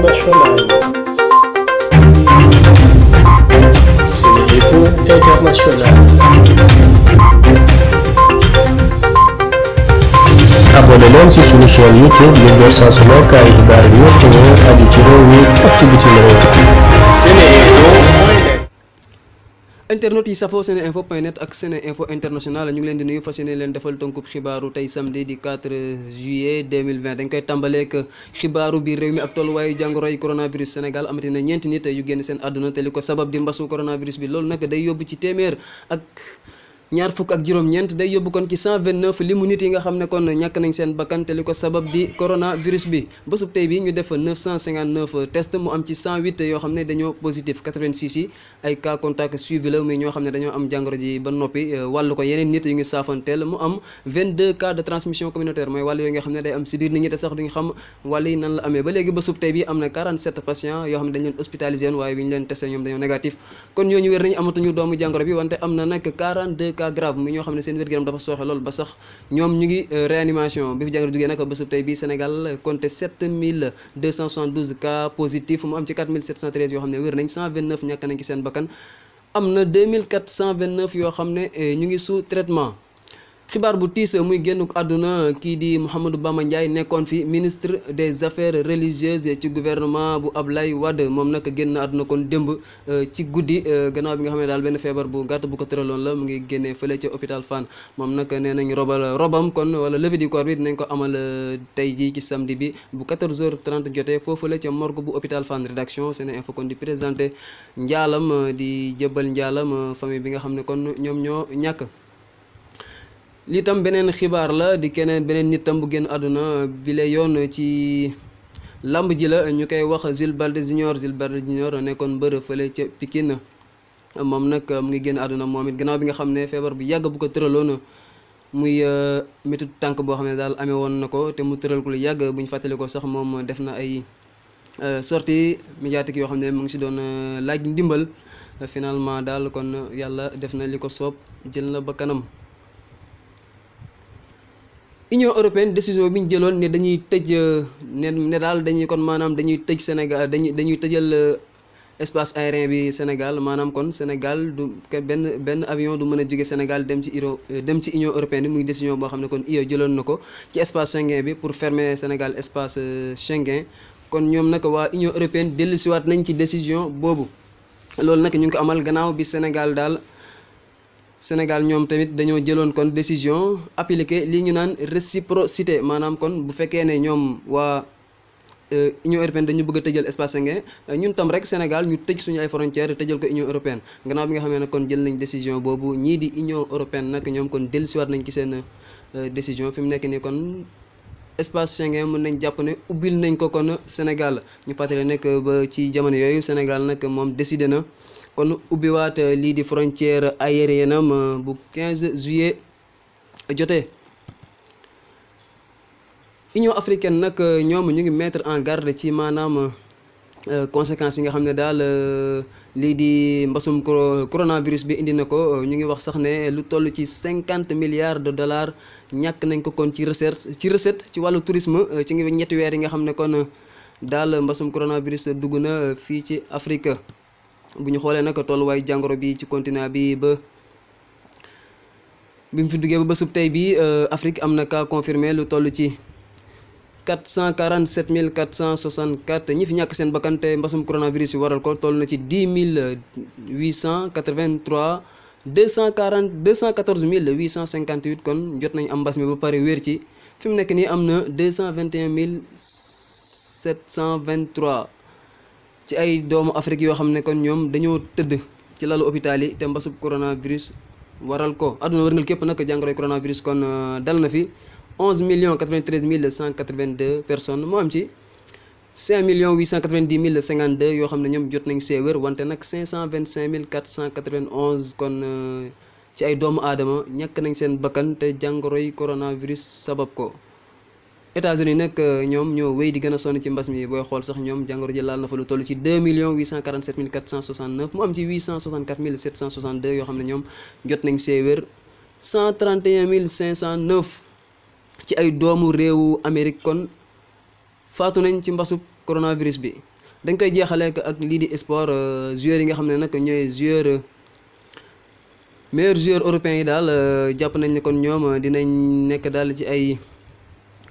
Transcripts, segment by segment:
internationale. C'est l'info internationale. abonné leen ci sunu chaîne YouTube yi door saa su nekk ay xibaar yu wér te wóor aju ci réew mi ak ci bitim réew. internet yi safoo sene info point net ak sene info international ñu leen di nuyu fas leen defal tënkub xibaaru tey samedi di juillet dañ koy tàmbaleek xibaaru biir réew mi ak tolluwaayu jàngoroy coronavirus Sénégal amati na ñeenti nit yu génn seen àdduna te li ko sabab di mbasu coronavirus bi loolu nag day yóbbu ci téeméer ak ñaar fukk ak juróom-ñeent day yóbbu kon ci 129 limu nit yi nga xam ne kon ñàkk nañ seen bakkan te li ko sabab di coronavirus bi bésub tey bi ñu def 959 test mu am ci yoo xam ne dañoo am jàngoro ji ba noppi euh, wàllu ko yeneen nit yu ngi saafanteel mu am 22 cas de transmission communautaire mooy wàll yooyu nga xam ne day am si biir nit ñi te sax duñu xam wàll yi nan la amee ba léegi bésub tey bi am na 47 patients yoo xam ne dañu cas grave muy ñoo xam ne seen wér-gu-yaram dafa sooxe loolu ba sax ñoom ñu ngi euh, réanimation bi fi jàngoro jógee nag bésub tey bi Sénégal compté 7272 cas positifs mu am ci 4713 yoo xam ne wér nañ 129 ñàkk nañ ci seen bakkan am na 2429 yoo xam ne euh, ñu ngi sous traitement xibaar bu tiis muy génn àdduna kii di Mouhamadou Bamba Ndiaye nekkoon fi ministre des affaires religieuses ci gouvernement bu ab Ablaye Wade moom nag génn àdduna kon démb euh, ci guddi euh, gannaaw bi nga xam ne daal benn feebar bu gàtt bu ko tëraloon la mu ngi génnee fële ca hôpital fan moom nag nee nañ robal robam kon wala levée du corps bi dinañ ko amal euh, tey jii ci samedi bi bu 14h30 jotee foofu la ci morgue bu hôpital Fann rédaction Sene Info kon di présenté njaalam di jëbal njaalam famille bi nga xam ne kon ñoom ñoo ñàkk li tam beneen xibaar la di keneen beneen nit tam bu génn àdduna bi yoon ci lamb ji la ñu koy wax Jules Balde Junior Jules Balde Junior nekkoon mbër fële ca Pikine moom nag mu ngi génn àdduna moom it gannaaw bi nga xam ne feebar bu yàgg bu ko tëraloon muy euh, métit tànk boo xam ne daal amee woon na ko te mu tëral ko lu yàgg bu ñu fàttali ko sax moom def na ay euh, sorti médiatiques yoo xam ne mu ngi si doon euh, laaj ndimbal finalement daal kon yàlla def na li ko soob jël na ba kanam. Union européenne décision bi ñu jëloon ne dañuy tëj euh, ne daal dañuy kon maanaam dañuy tëj Sénégal dañuy dañuy tëjal euh, espace aérien bi Sénégal maanaam kon Sénégal du benn benn avion du mën a jóge Sénégal dem ci Union euh, dem ci Union européenne bi muy décision boo xam ne kon UE jëloon na ko ci espace Schengen bi pour fermer Sénégal espace Schengen kon ñoom nag waa Union européenne dellusiwaat nañ ci décision boobu loolu nag ñu ngi ko amal gannaaw bi Sénégal daal. Sénégal ñoom tamit dañoo jëloon kon décision appliqué li ñu naan réciprocité maanaam kon bu fekkee ne ñoom waa euh, Union européenne dañu bëgg a tëjal espace Schengen euh, ñun tam rek Sénégal ñu tëj suñu ay frontières tëjal ko Union européenne gannaaw bi nga xamee ne kon jël nañ décision boobu ñii di Union européenne nag ñoom kon dellusiwaat nañ ci seen euh, décision fi mu nekk nii kon. espace Schengen mën nañ jàpp ne ubbil nañ ko kon Sénégal ñu fàttali nekk ba ci jamono yooyu Sénégal nag moom décidé na. kon ubbiwaat euh, lii di frontière aérienne am euh, bu 15 juillet jotee Union africaine nag euh, ñoom ñu ngi mettre en garde ci maanaam conséquence yi nga xam ne daal lii di mbasum coronavirus bi indi na ko ñu ngi wax sax ne lu toll ci cinquante milliards de dollars ñàkk nañ ko kon ci recette ci recette ci wàllu tourisme ci ngi ñetti weer yi nga xam ne kon daal mbasum coronavirus dugg na fii ci Afrique. bu ñu xoolee naka tolluwaay jàngoro bi ci continent bi ba bi mu fi duggee ba bésub tey bi euh, Afrique am na cas confirmé lu toll ci 447 464 ñi fi ñàkk seen bakkan te mbasum coronavirus yi waral ko toll na ci cent 10 883 240 214 858 kon jot nañ am mbas mi ba pare wér ci fi mu nekk nii am na vingt mille 221 723 ci ay doomu Afrique yoo xam ne kon ñoom dañoo tëdd ci lalu hôpital yi te mbasub coronavirus waral ko àdduna wërngal képp nag jàngoroy coronavirus kon euh, dal na fi 11 millions 93 mille cent 182 personnes moo am ci 5 millions 890 mille 52 yoo xam ne ñoom jot nañ see wér wante nag 525 mille 491 kon euh, ci ay doomu aadama ñàkk nañ seen bakkan te jàngoroy coronavirus sabab ko. États-Unis nag euh, ñoom ñoo wéy di gën a sonn ci mbas mi booy xool sax ñoom jàngoro ji laal na fa lu toll ci 2 millions 847 mille 469 mu am ci 864 mille 762 yoo xam ne ñoom jot nañ see wér 131 mille ci ay doomu réew Amérique kon faatu nañ ci mbasub coronavirus bi dañ koy jeexalee ak lii di sport euh, joueurs yi nga xam ne nag ñooy joueur euh, meilleurs joueurs européens yi daal jàpp nañ ne kon ñoom dinañ nekk daal ci ay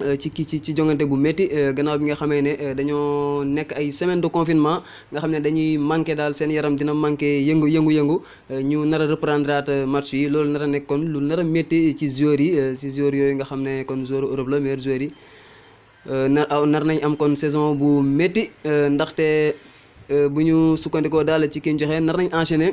Euh, ci ki ci ci jongante bu métti euh, gannaaw bi nga xamee ne euh, dañoo nekk ay semaine de confinement nga xam ne dañuy manqué daal seen yaram dina manqué yëngu yëngu-yëngu ñu nar a reprendraat match yi loolu nar a nekk kon lu nar a métti ci joueurs yi ci joueurs yooyu nga xam ne kon joueur Europe la meilleur joueurs yi nar nar nañ am kon saison bu métti ndaxte bu ñu sukkandikoo daal ci ki joxe nar nañ enchaîner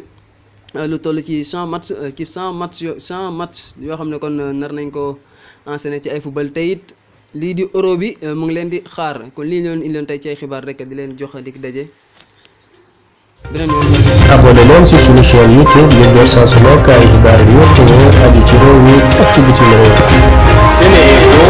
lu toll ci cent match ci cent match cent yoo xam ne kon nar nañ ko enchaîner ci ay football teyit lii di euro bi euh, mu ngi leen di xaar kon lii ñu leen leen tey ci ay xibaar rekk di leen jox dik daje beneen yoon. abonné leen si suñu chaîne xibaar yu wér te wóor aju ci réew mi ak ci bitim